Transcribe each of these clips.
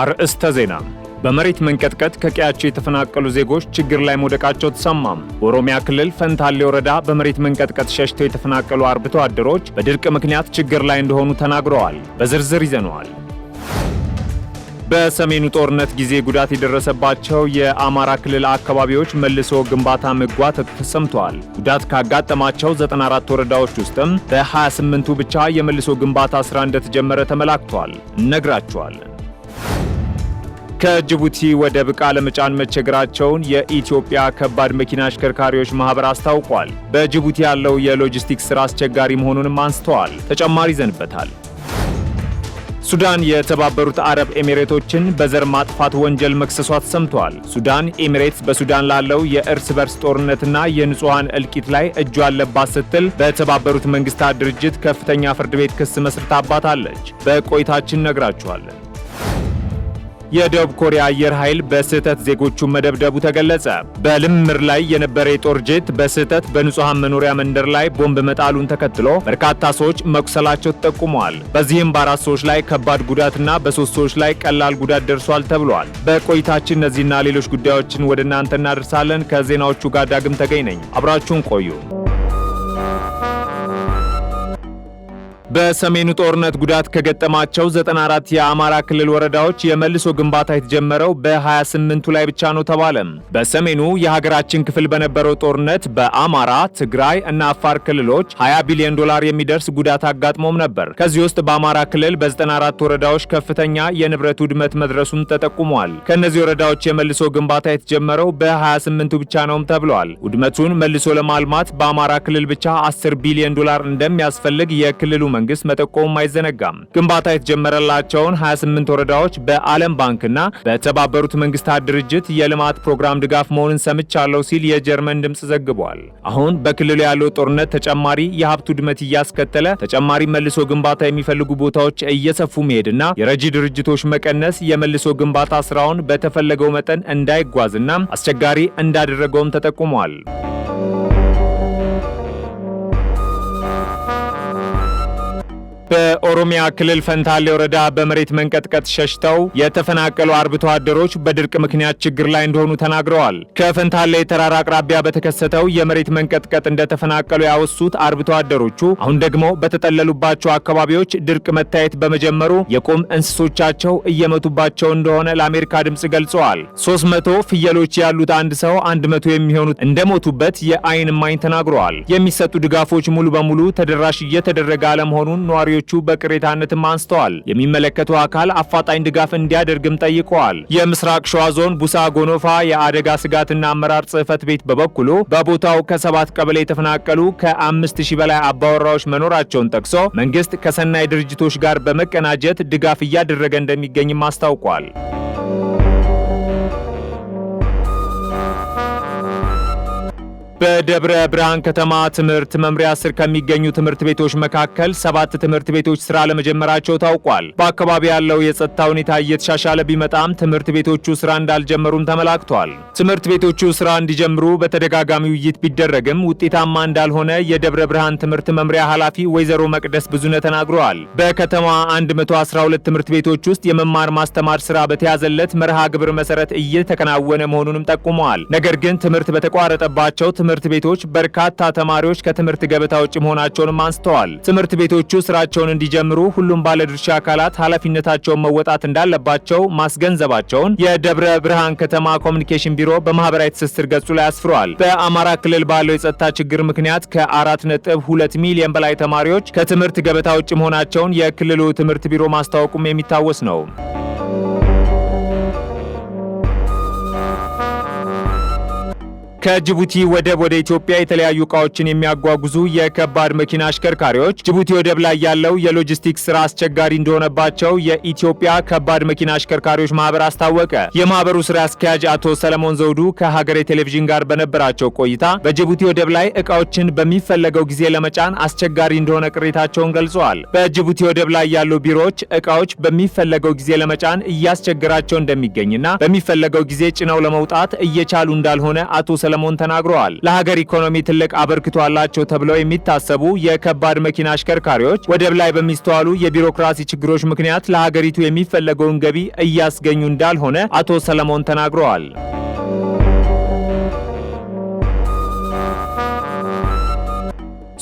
አርእስተ ዜና በመሬት መንቀጥቀጥ ከቀያቸው የተፈናቀሉ ዜጎች ችግር ላይ መውደቃቸው ተሰማም። በኦሮሚያ ክልል ፈንታሌ ወረዳ በመሬት መንቀጥቀጥ ሸሽተው የተፈናቀሉ አርብቶ አደሮች በድርቅ ምክንያት ችግር ላይ እንደሆኑ ተናግረዋል። በዝርዝር ይዘነዋል። በሰሜኑ ጦርነት ጊዜ ጉዳት የደረሰባቸው የአማራ ክልል አካባቢዎች መልሶ ግንባታ መጓተት ተሰምተዋል። ጉዳት ካጋጠማቸው 94 ወረዳዎች ውስጥም በ28ቱ ብቻ የመልሶ ግንባታ ስራ እንደተጀመረ ተመላክቷል። እነግራችኋለን። ከጅቡቲ ወደብ ዕቃ ለመጫን መቸገራቸውን የኢትዮጵያ ከባድ መኪና አሽከርካሪዎች ማኅበር አስታውቋል። በጅቡቲ ያለው የሎጂስቲክስ ሥራ አስቸጋሪ መሆኑንም አንስተዋል። ተጨማሪ ይዘንበታል። ሱዳን የተባበሩት አረብ ኤሚሬቶችን በዘር ማጥፋት ወንጀል መክሰሷ ተሰምቷል። ሱዳን ኤሚሬትስ በሱዳን ላለው የእርስ በርስ ጦርነትና የንጹሐን እልቂት ላይ እጁ አለባት ስትል በተባበሩት መንግስታት ድርጅት ከፍተኛ ፍርድ ቤት ክስ መስርታባታለች። በቆይታችን ነግራችኋለን። የደቡብ ኮሪያ አየር ኃይል በስህተት ዜጎቹን መደብደቡ ተገለጸ። በልምምር ላይ የነበረ የጦር ጄት በስህተት በንጹሐን መኖሪያ መንደር ላይ ቦምብ መጣሉን ተከትሎ በርካታ ሰዎች መቁሰላቸው ተጠቁመዋል። በዚህም በአራት ሰዎች ላይ ከባድ ጉዳትና በሶስት ሰዎች ላይ ቀላል ጉዳት ደርሷል ተብሏል። በቆይታችን እነዚህና ሌሎች ጉዳዮችን ወደ እናንተ እናደርሳለን። ከዜናዎቹ ጋር ዳግም ተገኝ ነኝ። አብራችሁን ቆዩ። በሰሜኑ ጦርነት ጉዳት ከገጠማቸው 94 የአማራ ክልል ወረዳዎች የመልሶ ግንባታ የተጀመረው በ28ቱ ላይ ብቻ ነው ተባለ። በሰሜኑ የሀገራችን ክፍል በነበረው ጦርነት በአማራ፣ ትግራይ እና አፋር ክልሎች 20 ቢሊዮን ዶላር የሚደርስ ጉዳት አጋጥሞም ነበር። ከዚህ ውስጥ በአማራ ክልል በ94 ወረዳዎች ከፍተኛ የንብረት ውድመት መድረሱም ተጠቁሟል። ከእነዚህ ወረዳዎች የመልሶ ግንባታ የተጀመረው በ28ቱ ብቻ ነውም ተብሏል። ውድመቱን መልሶ ለማልማት በአማራ ክልል ብቻ 10 ቢሊዮን ዶላር እንደሚያስፈልግ የክልሉ መንግስት መጠቆሙም አይዘነጋም። ግንባታ የተጀመረላቸውን 28 ወረዳዎች በዓለም ባንክና በተባበሩት መንግስታት ድርጅት የልማት ፕሮግራም ድጋፍ መሆኑን ሰምቻለሁ ሲል የጀርመን ድምፅ ዘግቧል። አሁን በክልሉ ያለው ጦርነት ተጨማሪ የሀብት ውድመት እያስከተለ ተጨማሪ መልሶ ግንባታ የሚፈልጉ ቦታዎች እየሰፉ መሄድና የረጂ ድርጅቶች መቀነስ የመልሶ ግንባታ ስራውን በተፈለገው መጠን እንዳይጓዝና አስቸጋሪ እንዳደረገውም ተጠቁሟል። በኦሮሚያ ክልል ፈንታሌ ወረዳ በመሬት መንቀጥቀጥ ሸሽተው የተፈናቀሉ አርብቶ አደሮች በድርቅ ምክንያት ችግር ላይ እንደሆኑ ተናግረዋል። ከፈንታሌ ተራራ አቅራቢያ በተከሰተው የመሬት መንቀጥቀጥ እንደተፈናቀሉ ያወሱት አርብቶ አደሮቹ አሁን ደግሞ በተጠለሉባቸው አካባቢዎች ድርቅ መታየት በመጀመሩ የቁም እንስሶቻቸው እየመቱባቸው እንደሆነ ለአሜሪካ ድምፅ ገልጸዋል። 300 ፍየሎች ያሉት አንድ ሰው 100 የሚሆኑት እንደሞቱበት የአይን ማኝ ተናግረዋል። የሚሰጡ ድጋፎች ሙሉ በሙሉ ተደራሽ እየተደረገ አለመሆኑን ነዋሪዎች ነዋሪዎቹ በቅሬታነትም አንስተዋል። የሚመለከቱ አካል አፋጣኝ ድጋፍ እንዲያደርግም ጠይቀዋል። የምስራቅ ሸዋ ዞን ቡሳ ጎኖፋ የአደጋ ስጋትና አመራር ጽህፈት ቤት በበኩሉ በቦታው ከሰባት ቀበሌ የተፈናቀሉ ከአምስት ሺህ በላይ አባወራዎች መኖራቸውን ጠቅሶ መንግስት ከሰናይ ድርጅቶች ጋር በመቀናጀት ድጋፍ እያደረገ እንደሚገኝም አስታውቋል። በደብረ ብርሃን ከተማ ትምህርት መምሪያ ስር ከሚገኙ ትምህርት ቤቶች መካከል ሰባት ትምህርት ቤቶች ስራ ለመጀመራቸው ታውቋል። በአካባቢ ያለው የጸጥታ ሁኔታ እየተሻሻለ ቢመጣም ትምህርት ቤቶቹ ስራ እንዳልጀመሩም ተመላክቷል። ትምህርት ቤቶቹ ስራ እንዲጀምሩ በተደጋጋሚ ውይይት ቢደረግም ውጤታማ እንዳልሆነ የደብረ ብርሃን ትምህርት መምሪያ ኃላፊ ወይዘሮ መቅደስ ብዙነ ተናግረዋል። በከተማ 112 ትምህርት ቤቶች ውስጥ የመማር ማስተማር ስራ በተያዘለት መርሃ ግብር መሰረት እየተከናወነ መሆኑንም ጠቁመዋል። ነገር ግን ትምህርት በተቋረጠባቸው ትምህርት ቤቶች በርካታ ተማሪዎች ከትምህርት ገበታ ውጭ መሆናቸውንም አንስተዋል። ትምህርት ቤቶቹ ስራቸውን እንዲጀምሩ ሁሉም ባለድርሻ አካላት ኃላፊነታቸውን መወጣት እንዳለባቸው ማስገንዘባቸውን የደብረ ብርሃን ከተማ ኮሚኒኬሽን ቢሮ በማህበራዊ ትስስር ገጹ ላይ አስፍሯል። በአማራ ክልል ባለው የጸጥታ ችግር ምክንያት ከ ነጥብ ሚሊዮን በላይ ተማሪዎች ከትምህርት ገበታ ውጭ መሆናቸውን የክልሉ ትምህርት ቢሮ ማስታወቁም የሚታወስ ነው። ከጅቡቲ ወደብ ወደ ኢትዮጵያ የተለያዩ እቃዎችን የሚያጓጉዙ የከባድ መኪና አሽከርካሪዎች ጅቡቲ ወደብ ላይ ያለው የሎጂስቲክስ ስራ አስቸጋሪ እንደሆነባቸው የኢትዮጵያ ከባድ መኪና አሽከርካሪዎች ማህበር አስታወቀ። የማህበሩ ስራ አስኪያጅ አቶ ሰለሞን ዘውዱ ከሀገሬ ቴሌቪዥን ጋር በነበራቸው ቆይታ በጅቡቲ ወደብ ላይ እቃዎችን በሚፈለገው ጊዜ ለመጫን አስቸጋሪ እንደሆነ ቅሬታቸውን ገልጸዋል። በጅቡቲ ወደብ ላይ ያሉ ቢሮዎች እቃዎች በሚፈለገው ጊዜ ለመጫን እያስቸገራቸው እንደሚገኝና በሚፈለገው ጊዜ ጭነው ለመውጣት እየቻሉ እንዳልሆነ አቶ ሰለሞን ተናግረዋል። ለሀገር ኢኮኖሚ ትልቅ አበርክቶ አላቸው ተብለው የሚታሰቡ የከባድ መኪና አሽከርካሪዎች ወደብ ላይ በሚስተዋሉ የቢሮክራሲ ችግሮች ምክንያት ለሀገሪቱ የሚፈለገውን ገቢ እያስገኙ እንዳልሆነ አቶ ሰለሞን ተናግረዋል።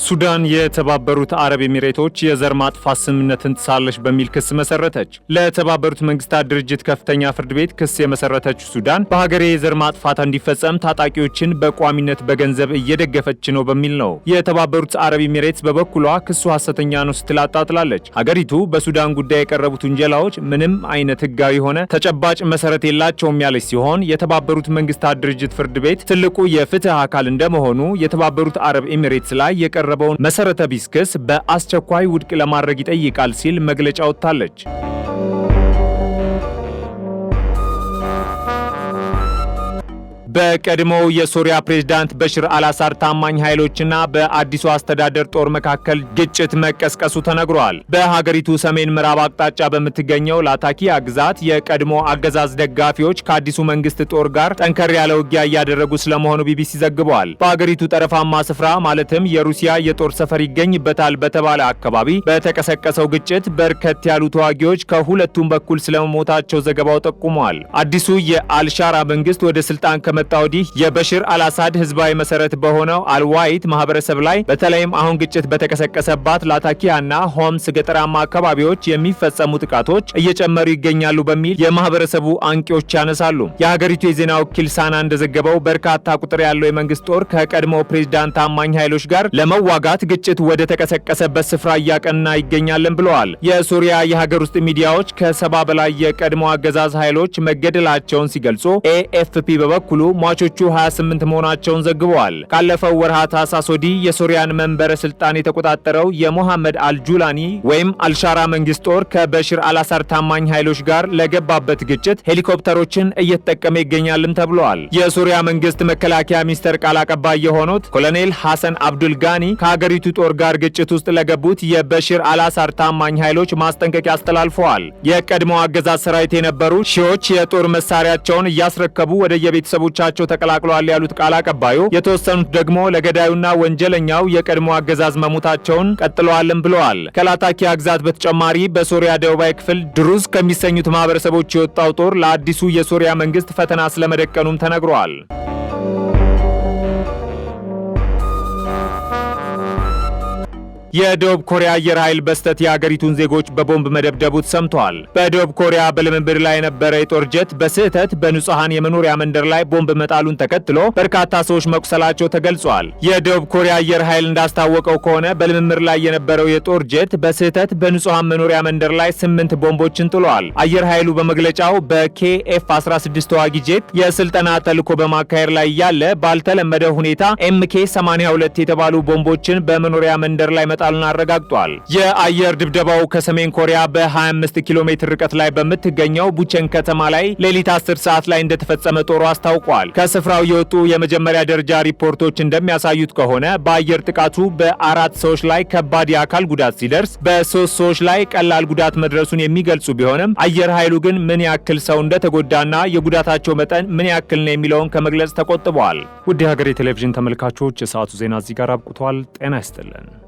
ሱዳን የተባበሩት አረብ ኤሚሬቶች የዘር ማጥፋት ስምምነትን ጥሳለች በሚል ክስ መሰረተች። ለተባበሩት መንግስታት ድርጅት ከፍተኛ ፍርድ ቤት ክስ የመሰረተች ሱዳን በሀገሬ የዘር ማጥፋት እንዲፈጸም ታጣቂዎችን በቋሚነት በገንዘብ እየደገፈች ነው በሚል ነው። የተባበሩት አረብ ኤሚሬትስ በበኩሏ ክሱ ሐሰተኛ ነው ስትል አጣጥላለች። ሀገሪቱ በሱዳን ጉዳይ የቀረቡት ውንጀላዎች ምንም አይነት ህጋዊ ሆነ ተጨባጭ መሰረት የላቸውም ያለች ሲሆን የተባበሩት መንግስታት ድርጅት ፍርድ ቤት ትልቁ የፍትህ አካል እንደመሆኑ የተባበሩት አረብ ኤሚሬትስ ላይ የቀረ የቀረበውን መሰረተ ቢስ ክስ በአስቸኳይ ውድቅ ለማድረግ ይጠይቃል ሲል መግለጫ ወጥታለች። በቀድሞው የሶሪያ ፕሬዝዳንት በሽር አልአሳድ ታማኝ ኃይሎችና በአዲሱ አስተዳደር ጦር መካከል ግጭት መቀስቀሱ ተነግሯል። በሀገሪቱ ሰሜን ምዕራብ አቅጣጫ በምትገኘው ላታኪያ ግዛት የቀድሞ አገዛዝ ደጋፊዎች ከአዲሱ መንግስት ጦር ጋር ጠንከር ያለ ውጊያ እያደረጉ ስለመሆኑ ቢቢሲ ዘግበዋል። በሀገሪቱ ጠረፋማ ስፍራ ማለትም የሩሲያ የጦር ሰፈር ይገኝበታል በተባለ አካባቢ በተቀሰቀሰው ግጭት በርከት ያሉ ተዋጊዎች ከሁለቱም በኩል ስለመሞታቸው ዘገባው ጠቁመዋል። አዲሱ የአልሻራ መንግስት ወደ ስልጣን ከመ ከመጣ ወዲህ የበሽር አልአሳድ ህዝባዊ መሰረት በሆነው አልዋይት ማህበረሰብ ላይ በተለይም አሁን ግጭት በተቀሰቀሰባት ላታኪያና ሆምስ ገጠራማ አካባቢዎች የሚፈጸሙ ጥቃቶች እየጨመሩ ይገኛሉ በሚል የማህበረሰቡ አንቂዎች ያነሳሉ። የሀገሪቱ የዜና ወኪል ሳና እንደዘገበው በርካታ ቁጥር ያለው የመንግስት ጦር ከቀድሞ ፕሬዚዳንት ታማኝ ኃይሎች ጋር ለመዋጋት ግጭት ወደ ተቀሰቀሰበት ስፍራ እያቀና ይገኛለን ብለዋል። የሱሪያ የሀገር ውስጥ ሚዲያዎች ከሰባ በላይ የቀድሞ አገዛዝ ኃይሎች መገደላቸውን ሲገልጹ ኤኤፍፒ በበኩሉ ሟቾቹ 28 መሆናቸውን ዘግበዋል። ካለፈው ወርሃ ታህሳስ ወዲህ የሶሪያን መንበረ ስልጣን የተቆጣጠረው የሞሐመድ አልጁላኒ ወይም አልሻራ መንግስት ጦር ከበሽር አላሳር ታማኝ ኃይሎች ጋር ለገባበት ግጭት ሄሊኮፕተሮችን እየተጠቀመ ይገኛልም ተብለዋል። የሶሪያ መንግስት መከላከያ ሚኒስቴር ቃል አቀባይ የሆኑት ኮሎኔል ሐሰን አብዱል ጋኒ ከሀገሪቱ ጦር ጋር ግጭት ውስጥ ለገቡት የበሽር አላሳር ታማኝ ኃይሎች ማስጠንቀቂያ አስተላልፈዋል። የቀድሞው አገዛዝ ሰራዊት የነበሩ ሺዎች የጦር መሳሪያቸውን እያስረከቡ ወደ የቤተሰቦቻቸው በዘመቻቸው ተቀላቅለዋል ያሉት ቃል አቀባዩ፣ የተወሰኑት ደግሞ ለገዳዩና ወንጀለኛው የቀድሞ አገዛዝ መሞታቸውን ቀጥለዋልም ብለዋል። ከላታኪያ ግዛት በተጨማሪ በሶሪያ ደቡባዊ ክፍል ድሩዝ ከሚሰኙት ማህበረሰቦች የወጣው ጦር ለአዲሱ የሶሪያ መንግስት ፈተና ስለመደቀኑም ተነግሯል። የደቡብ ኮሪያ አየር ኃይል በስተት የአገሪቱን ዜጎች በቦምብ መደብደቡት ሰምቷል። በደቡብ ኮሪያ በልምምድ ላይ የነበረ የጦር ጀት በስህተት በንጹሐን የመኖሪያ መንደር ላይ ቦምብ መጣሉን ተከትሎ በርካታ ሰዎች መቁሰላቸው ተገልጿል። የደቡብ ኮሪያ አየር ኃይል እንዳስታወቀው ከሆነ በልምምድ ላይ የነበረው የጦር ጀት በስህተት በንጹሐን መኖሪያ መንደር ላይ ስምንት ቦምቦችን ጥሏል። አየር ኃይሉ በመግለጫው በኬኤፍ 16 ተዋጊ ጄት የስልጠና ተልዕኮ በማካሄድ ላይ እያለ ባልተለመደ ሁኔታ ኤምኬ 82 የተባሉ ቦምቦችን በመኖሪያ መንደር ላይ መጣሉን አረጋግጧል። የአየር ድብደባው ከሰሜን ኮሪያ በ25 ኪሎ ሜትር ርቀት ላይ በምትገኘው ቡቸን ከተማ ላይ ሌሊት 10 ሰዓት ላይ እንደተፈጸመ ጦሩ አስታውቋል። ከስፍራው የወጡ የመጀመሪያ ደረጃ ሪፖርቶች እንደሚያሳዩት ከሆነ በአየር ጥቃቱ በአራት ሰዎች ላይ ከባድ የአካል ጉዳት ሲደርስ በሶስት ሰዎች ላይ ቀላል ጉዳት መድረሱን የሚገልጹ ቢሆንም አየር ኃይሉ ግን ምን ያክል ሰው እንደተጎዳና የጉዳታቸው መጠን ምን ያክል ነው የሚለውን ከመግለጽ ተቆጥበዋል። ውድ የሀገሬ ቴሌቪዥን ተመልካቾች የሰዓቱ ዜና እዚህ ጋር አብቅቷል። ጤና ይስጥልን።